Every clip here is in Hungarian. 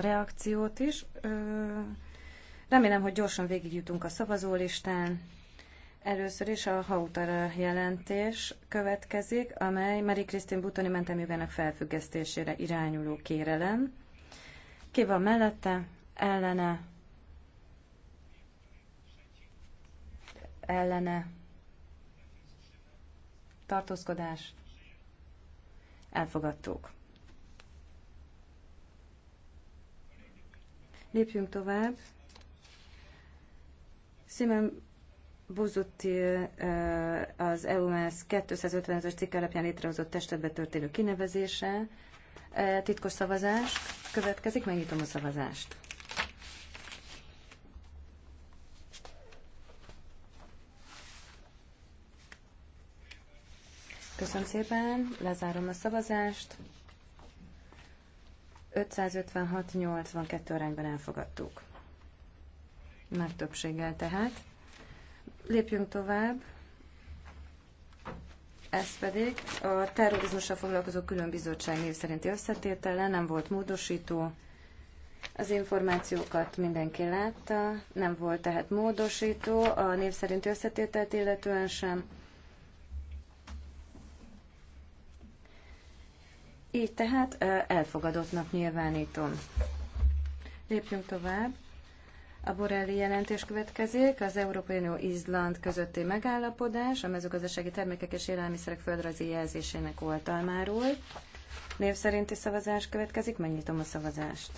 reakciót is. Remélem, hogy gyorsan végigjutunk a szavazólistán. Először is a Hauter jelentés következik, amely Mari Christine Butoni mentemjogának felfüggesztésére irányuló kérelem. Ki van mellette? Ellene? Ellene? Tartózkodás? Elfogadtuk. Lépjünk tovább. Simon Buzuti az EUMS 255-ös cikk alapján létrehozott testetbe történő kinevezése. Titkos szavazás következik, megnyitom a szavazást. Köszönöm szépen, lezárom a szavazást. 556-82 arányban elfogadtuk. Nagy többséggel tehát. Lépjünk tovább. Ez pedig a terrorizmussal foglalkozó bizottság név szerinti összetétele, nem volt módosító. Az információkat mindenki látta, nem volt tehát módosító a név szerinti összetételt illetően sem. Így tehát elfogadottnak nyilvánítom. Lépjünk tovább. A Borelli jelentés következik, az Európai Unió Izland közötti megállapodás a mezőgazdasági termékek és élelmiszerek földrajzi jelzésének oltalmáról. Név szerinti szavazás következik, megnyitom a szavazást.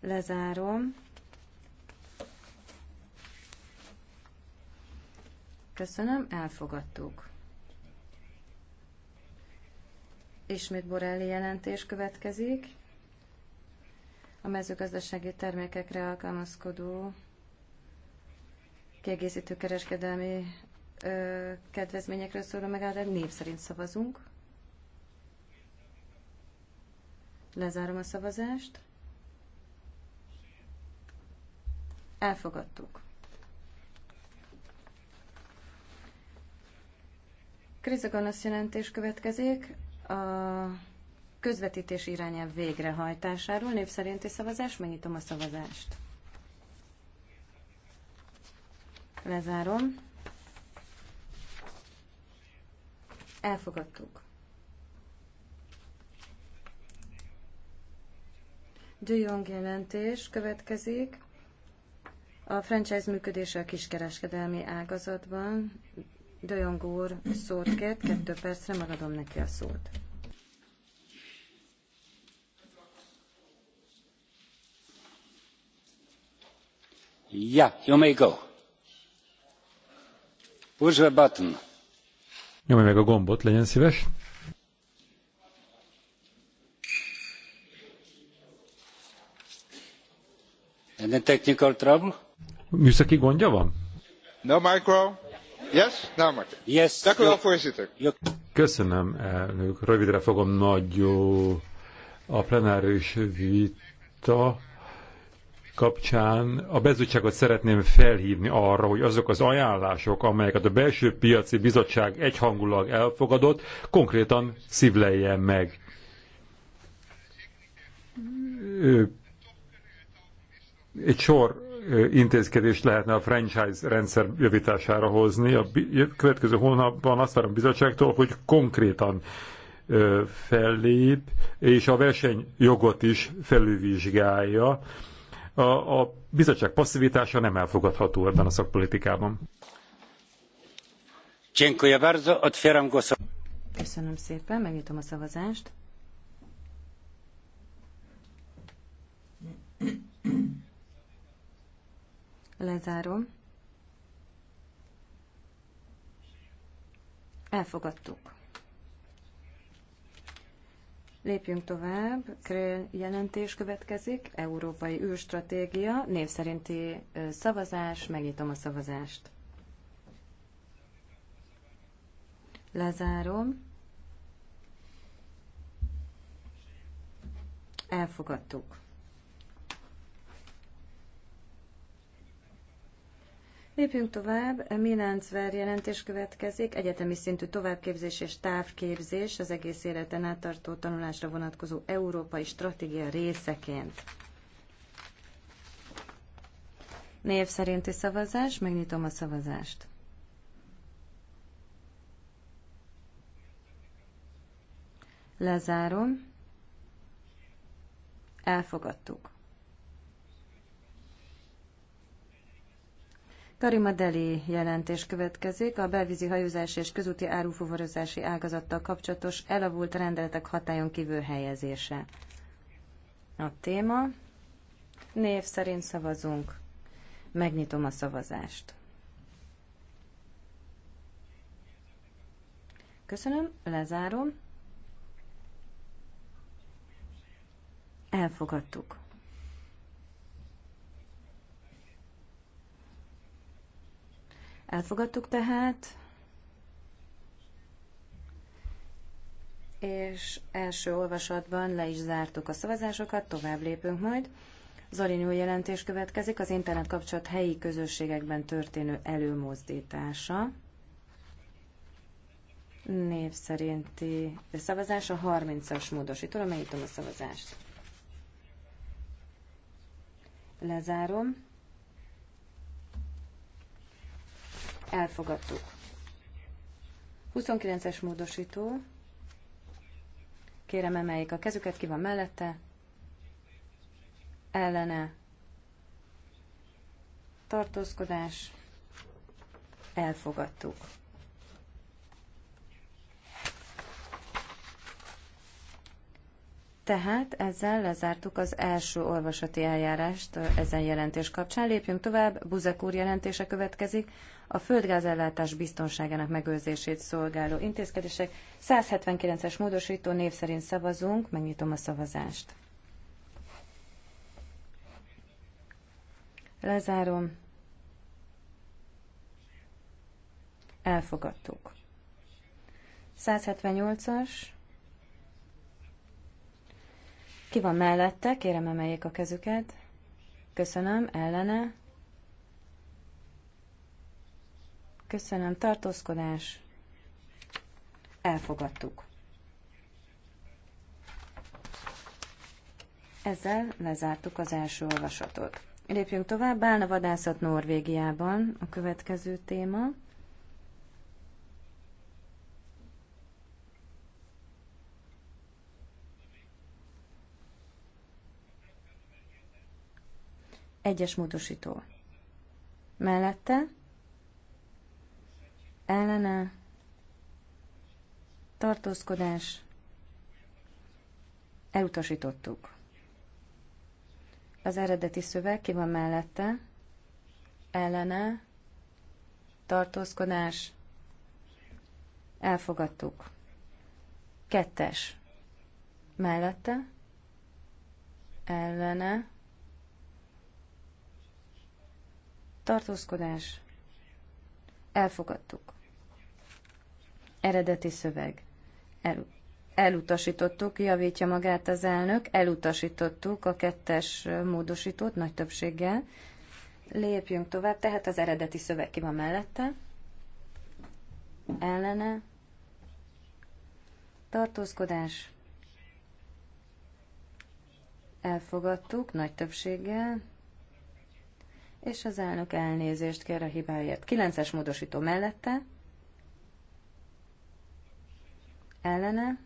Lezárom. Köszönöm, elfogadtuk. Ismét Borelli jelentés következik. A mezőgazdasági termékekre alkalmazkodó kiegészítő kereskedelmi ö, kedvezményekről szóló megállapodás név szerint szavazunk. Lezárom a szavazást. Elfogadtuk. Krizaganasz jelentés következik a közvetítés irányelv végrehajtásáról. Népszerinti szavazás, megnyitom a szavazást. Lezárom. Elfogadtuk. Dujong jelentés következik. A franchise működése a kiskereskedelmi ágazatban Dajong úr szót kért, kettő percre megadom neki a szót. Ja, you may go. Push the button. Nyomj meg a gombot, legyen szíves. Any technical trouble? Műszaki gondja van? No micro. Yes? Now, yes. Köszönöm, elnök. Rövidre fogom nagy a plenáris vita kapcsán a bizottságot szeretném felhívni arra, hogy azok az ajánlások, amelyeket a belső piaci bizottság egyhangulag elfogadott, konkrétan szívleljen meg. Egy sor intézkedést lehetne a franchise rendszer javítására hozni. A következő hónapban azt várom a bizottságtól, hogy konkrétan fellép, és a versenyjogot is felülvizsgálja. A, a bizottság passzivitása nem elfogadható ebben a szakpolitikában. Köszönöm szépen, megnyitom a szavazást. Lezárom. Elfogadtuk. Lépjünk tovább. Krél jelentés következik. Európai űrstratégia. Név szerinti szavazás. Megnyitom a szavazást. Lezárom. Elfogadtuk. Lépjünk tovább, Milánc-Ver jelentés következik, egyetemi szintű továbbképzés és távképzés az egész életen áttartó tanulásra vonatkozó európai stratégia részeként. Név szerinti szavazás, megnyitom a szavazást. Lezárom. Elfogadtuk. Tarima Deli jelentés következik. A belvízi hajózási és közúti árufuvarozási ágazattal kapcsolatos elavult rendeletek hatályon kívül helyezése. A téma. Név szerint szavazunk. Megnyitom a szavazást. Köszönöm, lezárom. Elfogadtuk. Elfogadtuk tehát, és első olvasatban le is zártuk a szavazásokat, tovább lépünk majd. új jelentés következik az internet kapcsolat helyi közösségekben történő előmozdítása. Név szerinti szavazás a 30-as módosítóra, megnyitom a szavazást. Lezárom. elfogadtuk. 29-es módosító. Kérem, emeljék a kezüket, ki van mellette. Ellene. Tartózkodás. Elfogadtuk. Tehát ezzel lezártuk az első olvasati eljárást ezen jelentés kapcsán. Lépjünk tovább, Buzek úr jelentése következik. A földgázellátás biztonságának megőrzését szolgáló intézkedések 179-es módosító név szerint szavazunk, megnyitom a szavazást. Lezárom. Elfogadtuk. 178-as ki van mellette? Kérem emeljék a kezüket. Köszönöm. Ellene. Köszönöm. Tartózkodás. Elfogadtuk. Ezzel lezártuk az első olvasatot. Lépjünk tovább. Bálna vadászat Norvégiában a következő téma. Egyes módosító. Mellette. Ellene. Tartózkodás. Elutasítottuk. Az eredeti szöveg ki van mellette? Ellene. Tartózkodás. Elfogadtuk. Kettes. Mellette. Ellene. tartózkodás, elfogadtuk. Eredeti szöveg, El, elutasítottuk, javítja magát az elnök, elutasítottuk a kettes módosítót nagy többséggel. Lépjünk tovább, tehát az eredeti szöveg ki van mellette, ellene, tartózkodás, elfogadtuk nagy többséggel, és az elnök elnézést kér a hibáért. 9-es módosító mellette, ellene,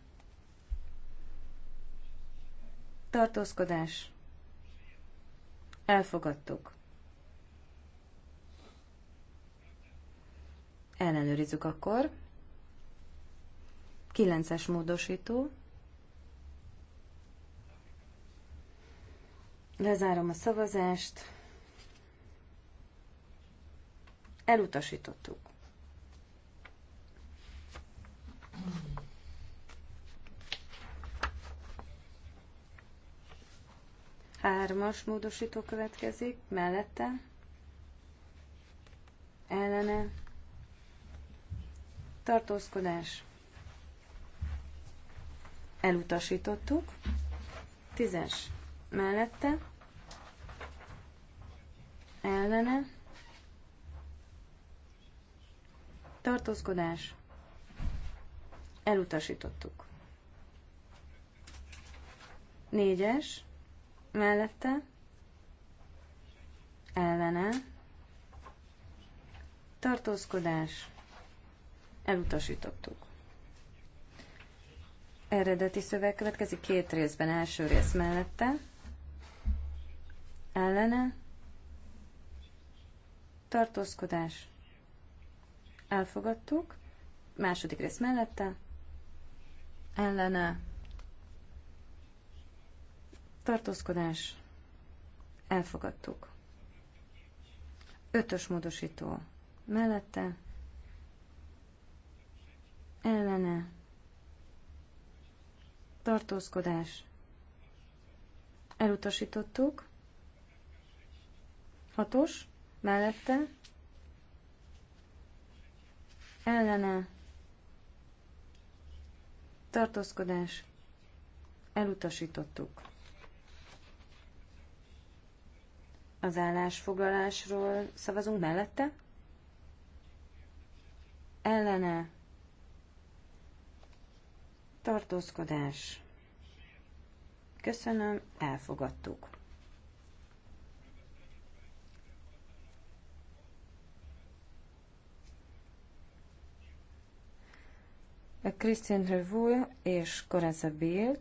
tartózkodás, elfogadtuk. Ellenőrizzük akkor. 9-es módosító. Lezárom a szavazást. Elutasítottuk. Hármas módosító következik, mellette, ellene, tartózkodás, elutasítottuk, tízes, mellette, ellene, tartózkodás, elutasítottuk. Négyes, mellette, ellene, tartózkodás, elutasítottuk. Eredeti szöveg következik két részben, első rész mellette, ellene, tartózkodás, elfogadtuk. Második rész mellette, ellene, tartózkodás, elfogadtuk. Ötös módosító mellette, ellene, tartózkodás, elutasítottuk. Hatos, mellette, ellene tartózkodás elutasítottuk. Az állásfoglalásról szavazunk mellette? Ellene tartózkodás. Köszönöm, elfogadtuk. Christian Revue és Corazza Bild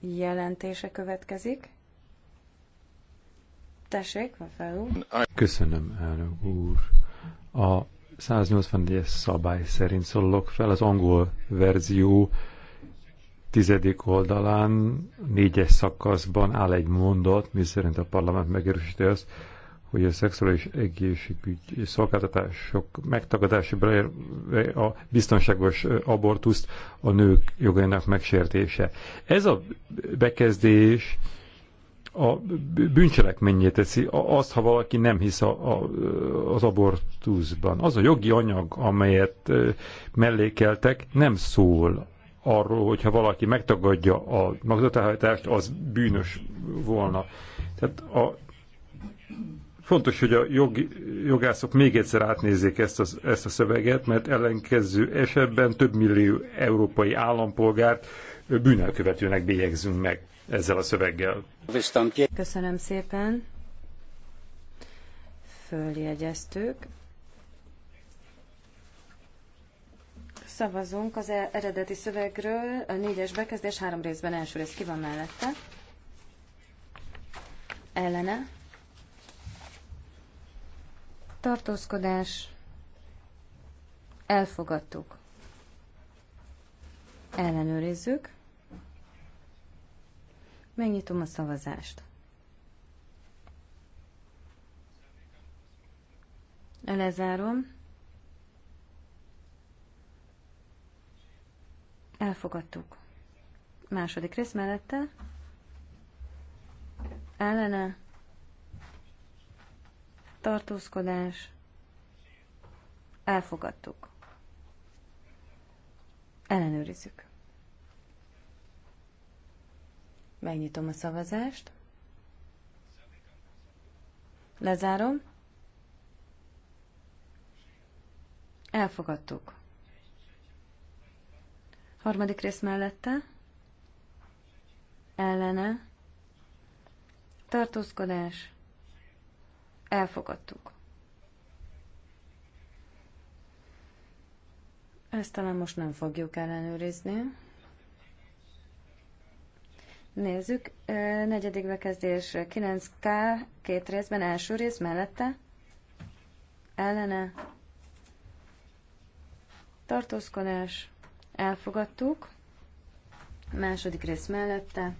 jelentése következik. Tessék, felú. Köszönöm, elnök úr. A 184 es szabály szerint szólok fel az angol verzió tizedik oldalán négyes szakaszban áll egy mondat, miszerint a parlament megerősíti azt, hogy a szexuális egészségügy szolgáltatások megtagadása a biztonságos abortuszt a nők jogainak megsértése. Ez a bekezdés a bűncselekményé teszi azt, ha valaki nem hisz a, a, az abortuszban. Az a jogi anyag, amelyet mellékeltek, nem szól arról, hogyha valaki megtagadja a magzatállítást, az bűnös volna. Tehát a Fontos, hogy a jog, jogászok még egyszer átnézzék ezt, a, ezt a szöveget, mert ellenkező esetben több millió európai állampolgárt bűnelkövetőnek bélyegzünk meg ezzel a szöveggel. Köszönöm szépen. Följegyeztük. Szavazunk az e- eredeti szövegről, a négyes bekezdés három részben első rész ki van mellette. Ellene tartózkodás, elfogadtuk. Ellenőrizzük. Megnyitom a szavazást. Lezárom. Elfogadtuk. Második rész mellette. Ellene tartózkodás, elfogadtuk. Ellenőrizzük. Megnyitom a szavazást. Lezárom. Elfogadtuk. Harmadik rész mellette. Ellene. Tartózkodás. Elfogadtuk. Ezt talán most nem fogjuk ellenőrizni. Nézzük, negyedik bekezdés 9K két részben, első rész mellette, ellene, tartózkodás, elfogadtuk, második rész mellette,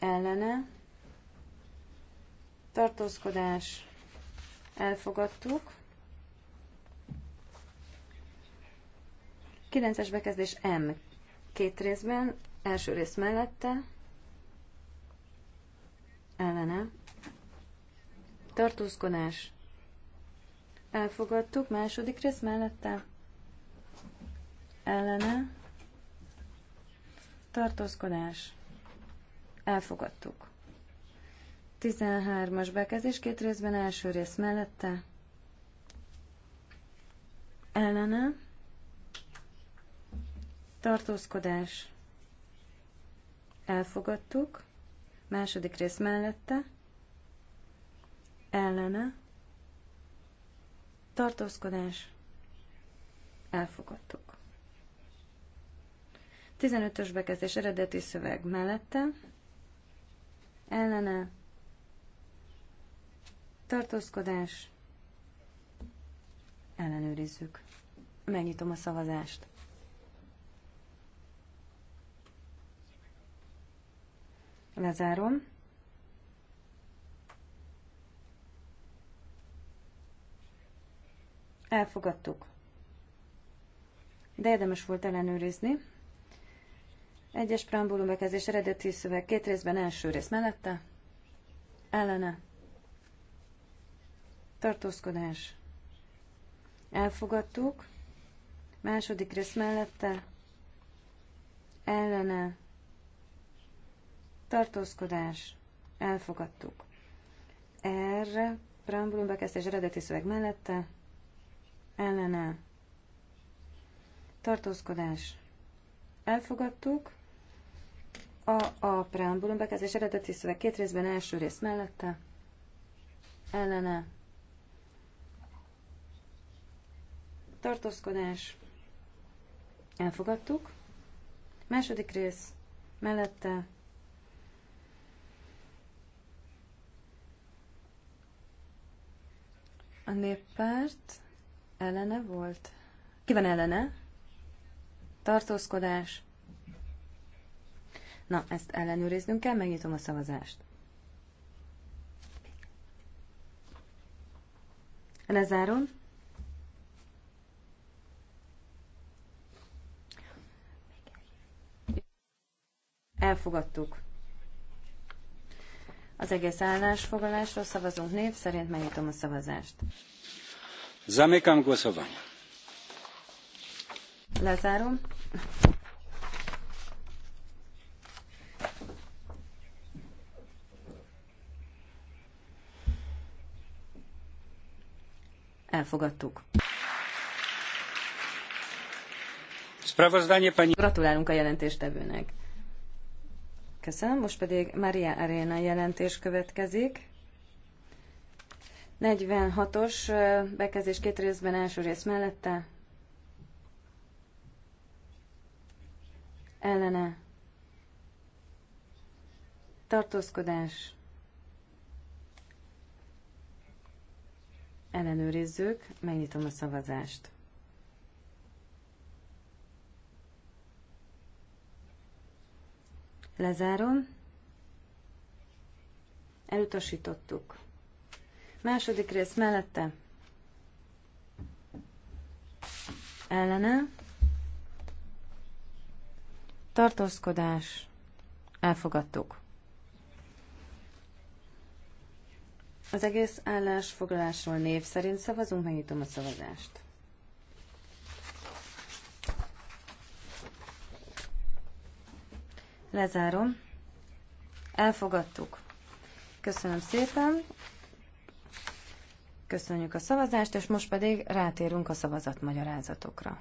ellene, tartózkodás elfogadtuk. 9-es bekezdés M két részben, első rész mellette, ellene, tartózkodás, elfogadtuk, második rész mellette, ellene, tartózkodás, elfogadtuk. 13-as bekezdés két részben, első rész mellette, ellene, tartózkodás, elfogadtuk, második rész mellette, ellene, tartózkodás, elfogadtuk. 15-ös bekezdés eredeti szöveg mellette, ellene, Tartózkodás. Ellenőrizzük. Megnyitom a szavazást. Lezárom. Elfogadtuk. De érdemes volt ellenőrizni. Egyes preambulum bekezdés eredeti szöveg két részben első rész mellette, ellene tartózkodás. Elfogadtuk. Második rész mellette ellene tartózkodás. Elfogadtuk. Erre preambulum bekezdés eredeti szöveg mellette ellene tartózkodás. Elfogadtuk. A, a preambulum bekezdés eredeti szöveg két részben első rész mellette ellene tartózkodás, elfogadtuk. Második rész, mellette a néppárt ellene volt. Ki van ellene? Tartózkodás. Na, ezt ellenőriznünk kell, megnyitom a szavazást. Lezárom. Elfogadtuk. Az egész állásfoglalásról szavazunk név szerint, megnyitom a szavazást. Zamykam głosowanie. Lezárom. Elfogadtuk. Gratulálunk a jelentéstevőnek. Köszönöm, most pedig Maria Arena jelentés következik. 46-os bekezdés két részben, első rész mellette. Ellene. Tartózkodás. Ellenőrizzük, megnyitom a szavazást. Lezárom. Elutasítottuk. Második rész mellette. Ellene. Tartózkodás. Elfogadtuk. Az egész állásfoglalásról név szerint szavazunk, megnyitom a szavazást. Lezárom. Elfogadtuk. Köszönöm szépen. Köszönjük a szavazást, és most pedig rátérünk a szavazatmagyarázatokra.